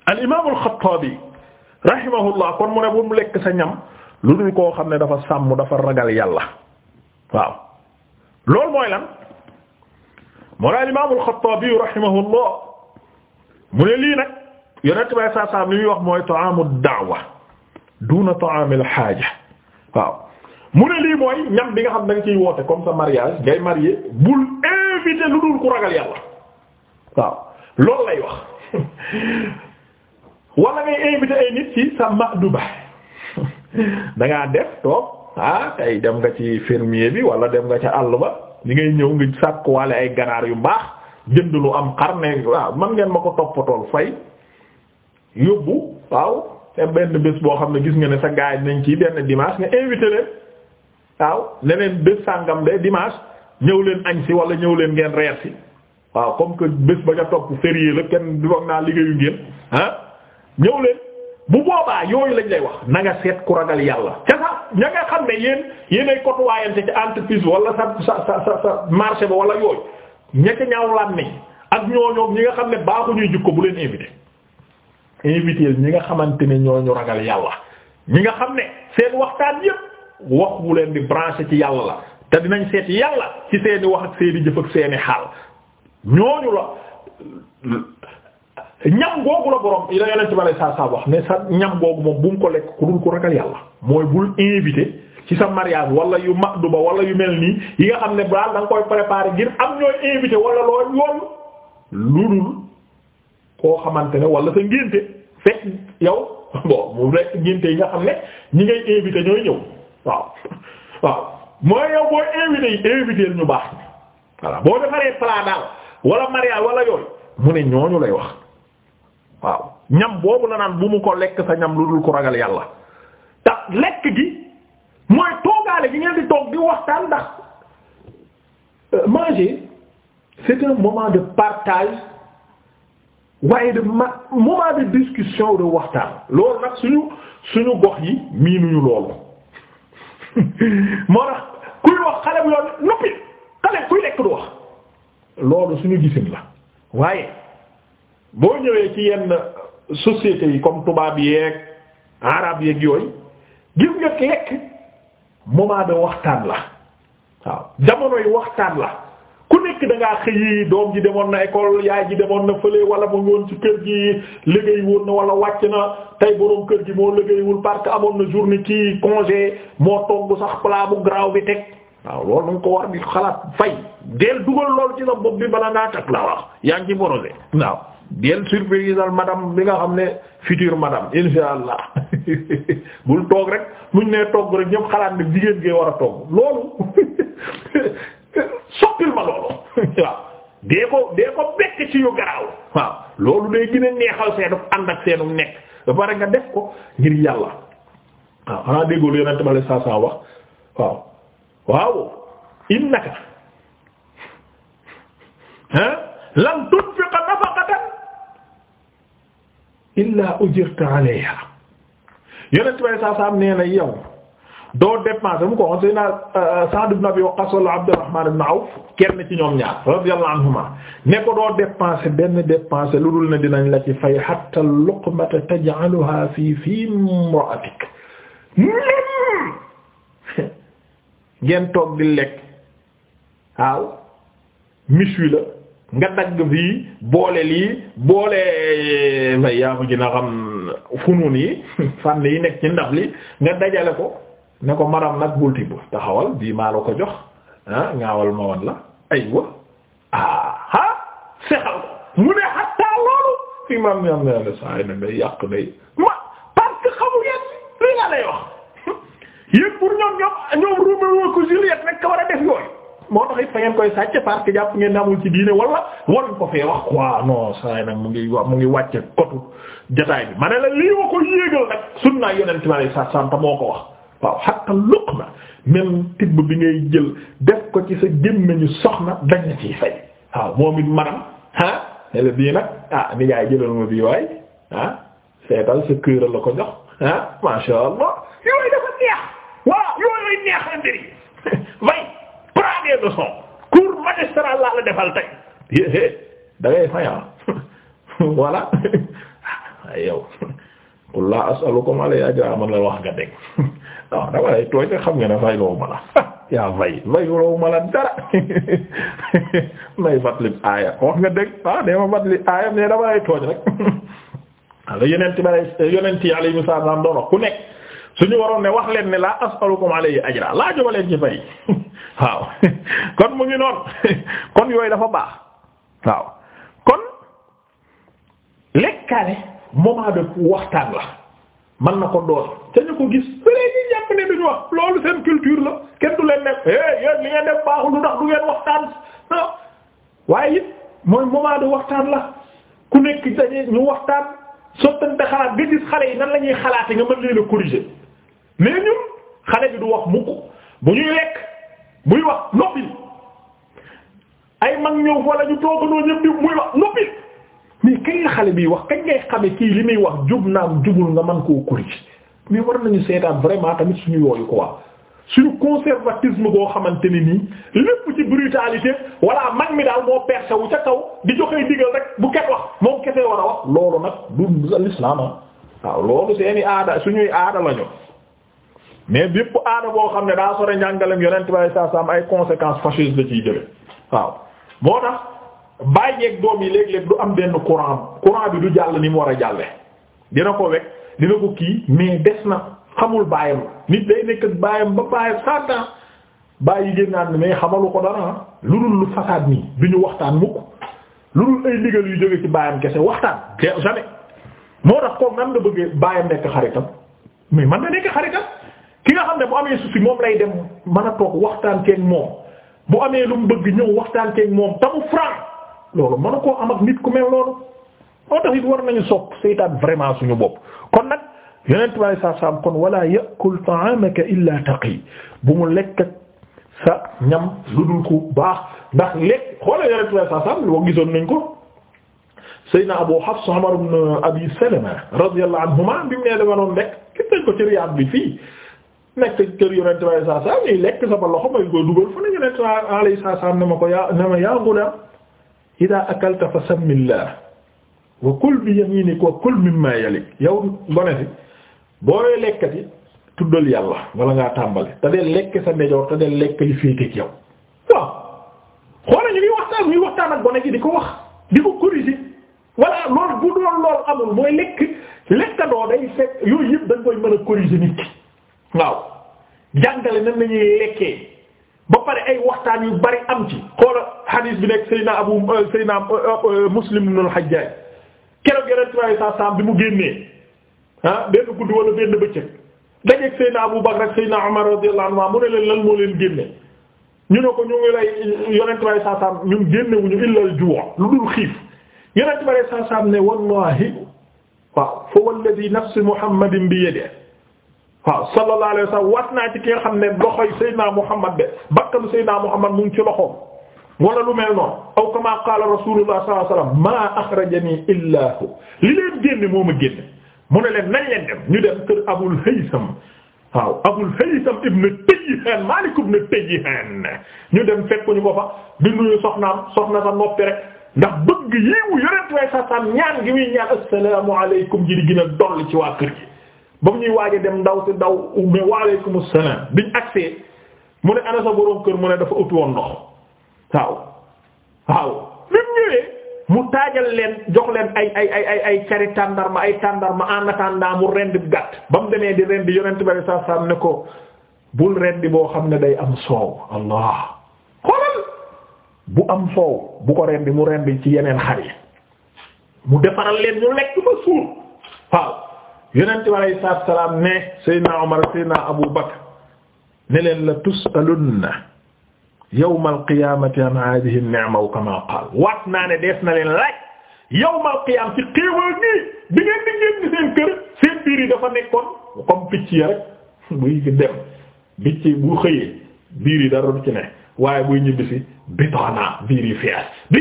al imaam al Xattaabi rahimahullah kon mu ne bu mu lekk sa ñam lu dul koo xam ne dafa sàmm dafa ragal yàlla waaw loolu mooy lan mu ne al imaam al Xattaabi rahimahullah mu ne lii nag yonent bay saa saa li muy wax mooy ta'amu da'wa duna ta'amil haaja waaw mu ne lii mooy ñam bi nga xam ne nga ciy woote comme sa mariage ngay marié bul invité lu dul ku ragal yàlla waaw loolu lay wax [LAUGHS] wala ngay invité ay nit ci sa mahduba [LAUGHS] da def toog ah tey dem nga ci fermier bi wala dem nga ca àll ba li ngay ñëw nga sàkkuwaale ay ganaar yu baax. jënd lu am xar ne waaw man ngeen ma ko toppatool fay yóbbu waaw te benn bés boo xam ne gis nga ne sa gaay nañ ci benn dimanche nga invité leen waaw ne leen bés sàngam de dimanche ñëw leen añ si wala ñëw leen ngeen reer si waaw comme que bés ba nga topp férié la kenn du naa liggéeyu ngeen ah ñëw leen bu boobaa yooyu lañ lay wax na nga seet ku ragal yàlla ca sax ña nga xam ne yéen yéen ay côtoyante ci entreprise wala sa sa sa sa marché ba wala ñetti ñaaw làmmiñ ak ñooñoom ñi nga xam ne baaxuñuy jukko bu leen invité invité ñi nga xamante ñoo ñu ragal yàlla ñi nga xam ne seen waxtaan yépp wax bu leen di branché ci yàlla la te dinañ seet yàlla ci seeni wax ak seeni jëf ak seeni xaal ñooñu la ñam googu la borom yi la yonent bi sallallahu alayhi wasallam wax ne sa ñam googu moom bu mu ko lekk ku dul ko ragal yàlla mooy bul invité ci sa mariage walla yu maqdu ba wala yu mel nii yi nga xam ne daal da nga koy préparer ngir am ñooy invité wala loo loolu lu dul koo xamante ne wala sa ngénte fekk yow [LAUGHS] bon mu yi nga xam ne ñi ngay invité ñooy ñëw waaw [LAUGHS] waaw mooy yow boo invité yi invité ñu baax voilà boo defaree plat daal wala mariage wala yooyu mu ne ñooñu lay wax waaw ñam boobu la naan bu mu ko lekk sa ñam lu dul ko ragal yàlla tax lekk gi mooy toogaale gi ngeen di toog di waxtaan ndax euh, manger c'est un moment de partage waaye de ma moment de discussion de waxtaan loolu nag suñu suñu gox yi miinuñu loolu [LAUGHS] moo tax kuy wax xale bu yoon noppi xale kuy lekk du wax loolu suñu gisin la waaye boo ñëwee ci yenn sociétés yi comme tubaab yeeg arab yeeg yooyu gis nga lekk moment de waxtaan la waaw jamonoy waxtaan la ku nekk da ngaa doom ji demoon na école yaay ji demoon na fële wala mu ngi woon ci kër gi liggéey woon na wala wàcc na tey boroom kër gi moo liggéeyul parce que amoon na journée ci congé moo tong sax plat bu garaaw bi teg waaw loolu nanga ko war bi xalaat fay deel dugal lool ci sa bopp bi bala naa tag la wax yaa ngi ci borosé waaw deel surprisal madame bi nga xam ne future madame insha allah [LAUGHS] bul toog rek muñ nee toog rek ñëpp xalaat ne jigéen gee war a toog loolu [LAUGHS] soppil ma loolu [LAUGHS] waaw dee ko dee ko bekk ci yu garaaw waaw loolu day gën a neexal seenu ànd ak seenu nekk ba pare nga def ko ngir yàlla waaw xanaa déggoo lu yeneen tamale saa saa wax waaw waaw innaka ha lan tunfiqa nafaqatan illaa ujirta alayha yonent bay saa saam nee na yow doo dépenser mu ko waxoon sëy naa euh, Sa'd ibn Abi Waqqas wala Abdurrahman ibn Awf kenn ci ñoom ñaar radiyallahu anhuma ne ko doo dépenser benn dépenser lu dul ne dinañ la ci fay hatta luqmata taj'aluha fi fi imra'atik [LAUGHS] ngeen toog di lekk waaw michu la nga dagg fii boole lii boole may yaa ko gën xam funun yi [LAUGHS] fànn yi nekk ci ndab li nga dajale ko ne ko maram nag bul tibb taxawal bii maa ko jox ñaawal ah, ma wan la aywa aha sexal ko mu ne hatta loolu fii maam ñaam ne la saa yi ne day yàq day ma parce que xamu ngeen li nga lay wax [LAUGHS] yéen pour ñoom ñoom ñoom Roméo ko Juliette nag ka war a def yooyu moo tax it fa ngeen koy sàcc parce que jàpp ngeen amul ci diine wala waruñ ko fee wax quoi non saa yi nag mu ngi mu ngi wàcce kotu jotaay bi ma la lii ma ko yéegal nag sunna yonent bi alayhi salaam ta moo ko wax waaw hatta luqma même tibb bi ngay jël def ko ci sa gémmiñu soxna dañ na ciy fay waaw moom it maanaam ah ne bii nag ah ni yaay jëlal ma bii waay ah sa kër la ko jox ah masha Allah yooyu dafa neex waaw yooyu [LAUGHS] des leçons laa la defal tey da ngay fayan ah. [LAUGHS] voilà [LAUGHS] ay yow qul laa as'alukum alayhi ajran man la wax nga dégg waaw [LAUGHS] dama lay tooy te xam nga ne fay loowu ma la yaa fay fay loowu ma la dara may fàttali aaya wax nga dégg ah nee ma fàttali aaya mais dama lay tooñ rek wala yonent bi yonent yi alayhi salaam doon wax ku nekk suñu waroon ne wax leen ne laa asalukum alayhi ajra laa jëma leen ci fay [LAUGHS] waaw [LAUGHS] kon mu ngi noonu [LAUGHS] kon yooyu dafa baax waaw kon lekkaale moment de waxtaan la man na ko doon te ñu ko gis ba léegi jàpp ne duñu wax loolu seen culture la kenn du leen ne eh yéen li ngeen def baaxul lu tax du ngeen waxtaan ah waaye it mooy moment de waxtaan la ku nekk dañuy ñu waxtaan sottante xalaat nga gis xale yi nan la ñuy xalaate nga mën leen a corriger. mais ñun xale bi du wax mukk bu ñuy lekk buy wax noppi ay mag ñëw wala ñu toogandoo ñëpp di muy wax noppil mais kañ la xale bi wax kañ ngay xame kii li muy wax jub naam jubul nga man koo corriger mais war nañu seetaan vraiment tamit suñu yooyu quoi suñu conservatisme boo xamante ni nii lépp ci brutalité wala mag mi daal moo percé wu ca kaw di joxee digal rek bu ket wax moom kesee war a wax loolu nag du l'islam ah waaw loolu seeni aada suñuy aada lañu mais bépp aada boo xam ne daa sore njàngalem yonent bi saa saa am ay conséquences fâcheuses la ciy jëlee waaw moo tax bàyyi ak doom yi léeg-léeg du am benn courant courant bi du jàll ni mu war a jàlle dina ko wekk dina ko kii mais des na xamul baayam nit day nekk baayam ba baayam cent ans ah bàyyi yi génnaat mais xamalu ko dara ah lu dul lu fasaad nii du ñu waxtaan mukk lu dul ay ndigal yu jóge ci baayam kese waxtaan jamais moo tax kooku nan nga bëggee baayam nekk xaritam mais man na ki nga xam ne bu amee souci moom lay dem mën a toog waxtaan ceeg moom bu amee lu mu bëgg ñëw waxtaan ceeg moom tamu franc loolu mën a koo am ak nit ku mel loolu moo tax it war nañu sopp seytaan vraiment suñu bopp kon nag yonent bi sallallahu alayhi wasallam kon wala ya'kul ta'amaka illa taqi bu mu lekk sa ñam lu dul ku baax ndax lekk xoola yonent bi sallallahu alayhi gisoon nañ ko Seydina Abu Hafs Umar ibn Abi Salama radiyallahu anhuma bi mu nee dama doon bi fii nekk kër yonent bi alayhi salaam ñuy lekk sama loxo may koy dugal fu ne yonent bi alayhi salaam ne ma ko yaa ne ma yaa gulaam idaa akalta fa sammillah wa kul bi yaminik wa kul mimma yalik yow gone si booy lekkati tuddal yàlla wala ngaa tàmbali te dee lekk sa ndejoor te dee lekk li féete ak yow waaw ñu ngi waxtaan ñuy waxtaan ak gone gi di ko wax di ko corriger voilà loolu bu doon loolu amul mooy lekk lekk doo day yooyu yëpp dañ koy a corriger nit waaw jàngale nan la ñuy lekkee ba pare ay waxtaan yu bari am ci xoola hadith bi nekk Seydina Abu euh, Seydina euh, euh, Muslim ibn al-Hajjaj keroog yeneen trois cent cent bi mu génnee ah benn guddi wala benn bëccëg dajeeg Seydina Abu Bakr ak Seydina Umar radiyallahu anhu mu ne leen lan moo leen génne ñu ne ko ñu ngi lay yonent bi saa saam ñun génnewuñu illal ju' lu dul xiif yonent bi saa saam ne wallahi waaw fa walladi nafsi Muhammadin bi yadihi waaw sallallahu alayhi wa wat naa ci ki xam ne loxoy Seydina Muhammad de bakkanu Seydina Muhammad mu ngi ci loxoom wala lu mel noonu aw kama qaala rasulullah sallallahu alayhi wa sallam maa li leen génne moo ma génne mu ne leen nañ leen dem ñu dem kër Abul Haytham waaw Abul Haytham ibn Tayyihan Malik ibn Tayyihan ñu dem fekk ñu ko fa di nuyu soxnaam soxna sa noppi rek ndax bëgg yeewu yore tuuti sa sàn ñaan gi muy ñaan assalaamu alaykum ji di dolli ci waa ba mu ñuy waaje dem ndaw si ndaw mais waaleykum salaam biñ agsee mu ne ana sa kër mu ne dafa ut woon ndox waaw waaw mu taajal leen jox leen ay ay ay ay cari tàndarma ay tàndarma en attendant mu rendi gàtt ba mu demee di rendi yonent bi saa saa ne ko bul rendi boo xam ne day am soow allah xoolal bu am soow bu ko rendi mu rendi ci yeneen xar yi mu defaral leen ñu lekk ba suur waaw. yonent bi salaam ne Seydina Omar Seydina Abu Bakr ne leen la tusalunna yawmal qiyaamati an haadihi ni'ma aw kamaa qaal na leen laaj yawmal qiyaam ci xéewal nii buy dem picc biir yi dara du biir yi fees bi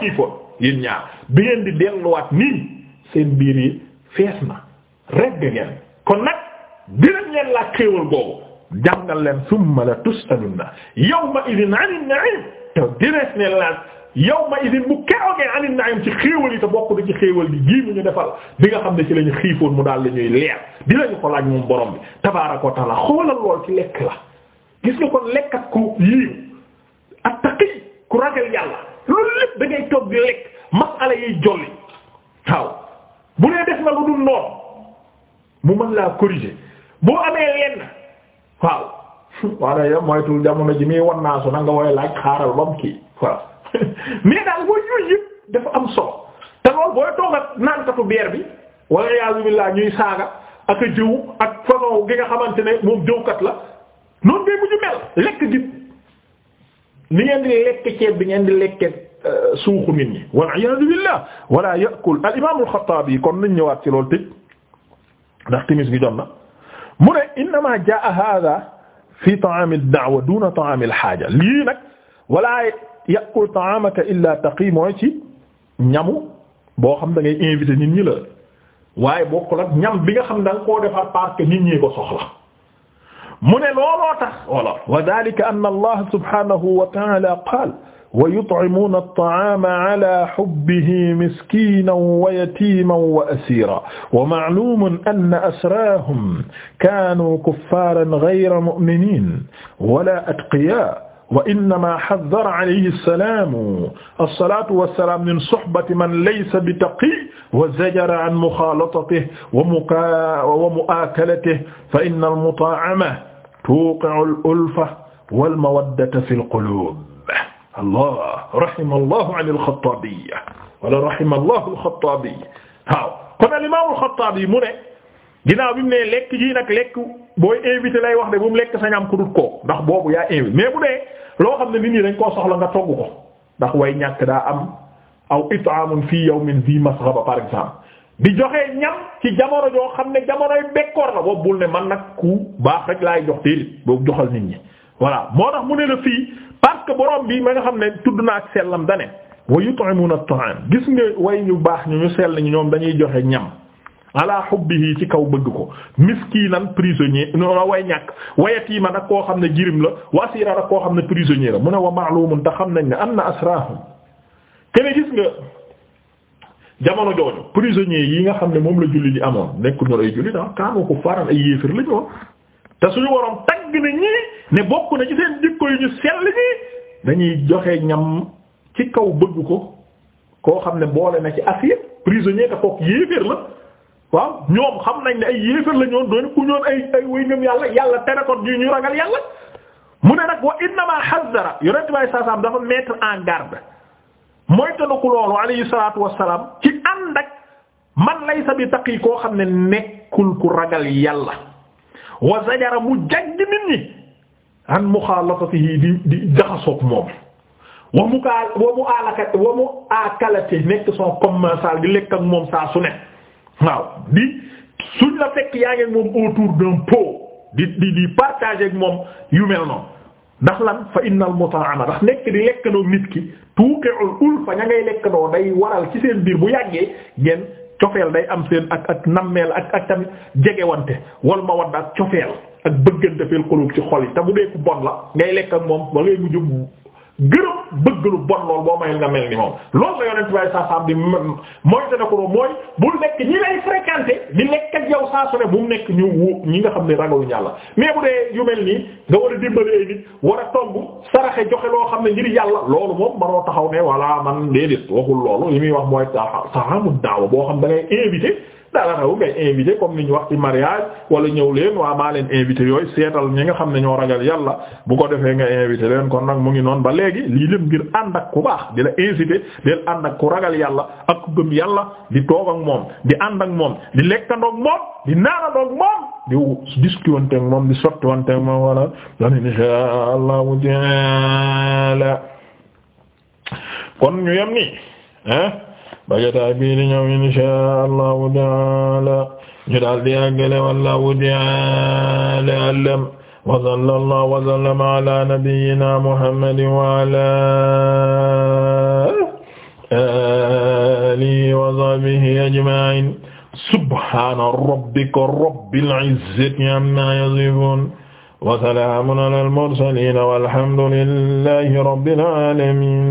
xiifoon yéen ñaar bi ngeen di delluwaat nii seen biir yi. fees na regg ngeen kon nag dinañ leen laa xéewal googu jàngal leen summa la tusalunna yawma idin anin na'im te dinañ leen laa yawma idin bu keroogee anin na'im ci xéewal yi te bokk na ci xéewal bi gii mu ñu defal bi nga xam ne ci lañu xiifoon mu daal lañuy leer dinañu ko laaj moom borom bi tabaaraka wa taala xoolal lool ci lekk la gis nga kon lekk ak ku yiiw attaqi ku ragal yàlla loolu lépp da ngay di lekk masala yiy jolli bu dee def na lu dul noonu mu mën laa corriger boo amee lenn waaw [LAUGHS] wala yow moytul jamono ji muy wan naa su na nga woy laaj xaaral bam kii waaw [LAUGHS] mais daal boo yooyu yëpp dafa am solo te loolu booy toogat naankatu beer bi wala yaasu billah ñuy saaga ak a jëw ak façon gi nga xamante ne moom jëwkat la noonu ngay mujju mel lekk gi ni ngeen di lekk ceeb bi ngeen di lekkee suuxu nit wa wal iyaadu billah wala yakul al imaam al kon nañ ñëwaat ci loolu tëj ndax timis gi jot na mu ne innama jaa hada fi ta'aam ad-da'wa duna ta'aam al-haaja lii nag wala yakul ta'aamaka illa taqi mooy ci ñamu boo xam da ngay invité nit ñi la waaye bokkul ak ñam bi nga xam da nga koo defar parce que nit ñi ko soxla mu ne looloo tax wala wa dhalika anna allah subhanahu wa ta'ala qaala wa yut'imuuna at-ta'aama 'alaa hubbihi miskiinan wa yatiiman wa asiiran wa ma'luumun anna asraahum kaanuu kuffaaran ghayra mu'miniin walaa atqiyaa' wa innamaa hazzara 'alayhi as-salaamu as-salaatu was-salaam min suhbati man laysa bi-taqiyyin wa zajara 'an mukhaalatatihi wa mu'aakalatihi fa inna al-mutaa'amata tuuqi'u al-ulfa wal-mawaddata fil quluub allah rahima allahu an alxataabi wala rahima allahu alxataabi waaw kon alimaam alxataabi mu ne ginnaaw bi mu ne lekk yii nag lekk booy invité lay wax de bu mu lekk sa ñam ku dul koo ndax boobu yaa invité mais bu ne loo xam ne nit ñi dañ koo soxla nga togg ko ndax way ñàkk daa am aw it'aamun fii yawmin dhi masghaba par exemple di joxe ñam ci jamono joo xam ne jamonoy bekkoor la boobu bul ne man nag ku baax rek laay jox téelit boobu joxal nit ñi voilà moo tax mu ne la parce que borom bi ma nga xam ne tudd na ak sellam dane wa yut'imuna a taam gis nga way ñu baax ñu ñu sell ñu ñoom dañuy joxe ñam ala hubbihi ci kaw bëgg ko miskinan prisonnier noona way ñàkk wayatiman ak koo xam ne jirim la wa asiran ak koo xam ne prisonnier la mu ne wa ma'lumun te xam nañ ne anna asrahum kene gis nga jamono jooju prisonnier yi nga xam ne moom la julli di amoon nekk ñor ay julli da ah, kaanu ko faran ay yéefir la ñoo te suñu borom tagg na ñii ne bokk na ci seen jikko yu ñu sell ñii dañuy joxe ñam ci kaw bëgg ko koo xam ne boole na ci assiette prisonnier te kook yéeféer la waaw ñoom xam nañ ne ay yéeféer la ñoon doon ku ñoon ay ay way yàlla yàlla tere ko ñu ragal yàlla mu ne nag wa innama hazzara yonent bi saa saam dafa mettre en garde mooy tanu ko loolu alayhi salaatu salaam ci ànd ak man laysa bi taqi koo xam ne nekkul ku ragal yàlla wa zajara mu jaggi nit ñi an muxaalatatihi di di jaxasoog moom wa mu kaa wa mu aalakat wa nekk son commensal di lekk moom saa su ne waaw di suñ la fekk yaa ngeen moom autour d'un pot di di di partager ak moom yu mel ndax lan fa innal muta'ama ndax nekk di lekkandoo nit ki tuuqi'ul ulfa ña ngay lekkandoo day waral ci seen biir bu yàggee ngeen cofeel day am seen ak ak nammeel ak ak tamit jegewante wal mawadda ak cofeel ak bëggante fil qulub ci xol yi te bu dee ku bon la ngay lekk ak moom ba ngay mujj gërëm bëgg lu bon lool boo mayul nga mel ni moom loolu la yonent waaye saa saam di mooy te ne ko doon mooy bul nekk ñi lay fréquenté di nekk ak yow saa su bu mu nekk ñu wóo ñi nga xam ne ragaluñu yàlla mais bu dee yu mel nii nga war a dimbali ay war a togg saraxe joxe loo xam ne ngir yàlla loolu moom manoo taxaw ne walla man déedéet waxul loolu li muy wax mooy taxamu daawa boo xam da ngay invité daanaka wu ngay invité comme ni ñu wax ci mariage wala ñëw leen waa maa leen invité yooyu seetal ñi nga xam ne ñoo ragal yàlla bu ko defee nga invité leen kon nag mu ngi noon ba léegi lii lépp ngir ànd ak ku baax di la incité di la ànd ak ku ragal yàlla ak ku gëm yàlla di toog ak moom di ànd ak moom di lekkandoog moom di naanandoog moom di discuwanteeg moom di sottiwanteeg moom wala dan insha allahu taala kon ñu yem nii bagataay bii di ñëw inshaa allahu taala ñu daal di àggale wallahu taala alam wa sallallahu wa sallama ala nabiyyina muhammadin wa ala alihi wa sahbihi ajma'in subhana rabbika rabbil izzati amma yasifun wa salamun ala al mursalin walhamdulillahi rabbil alamin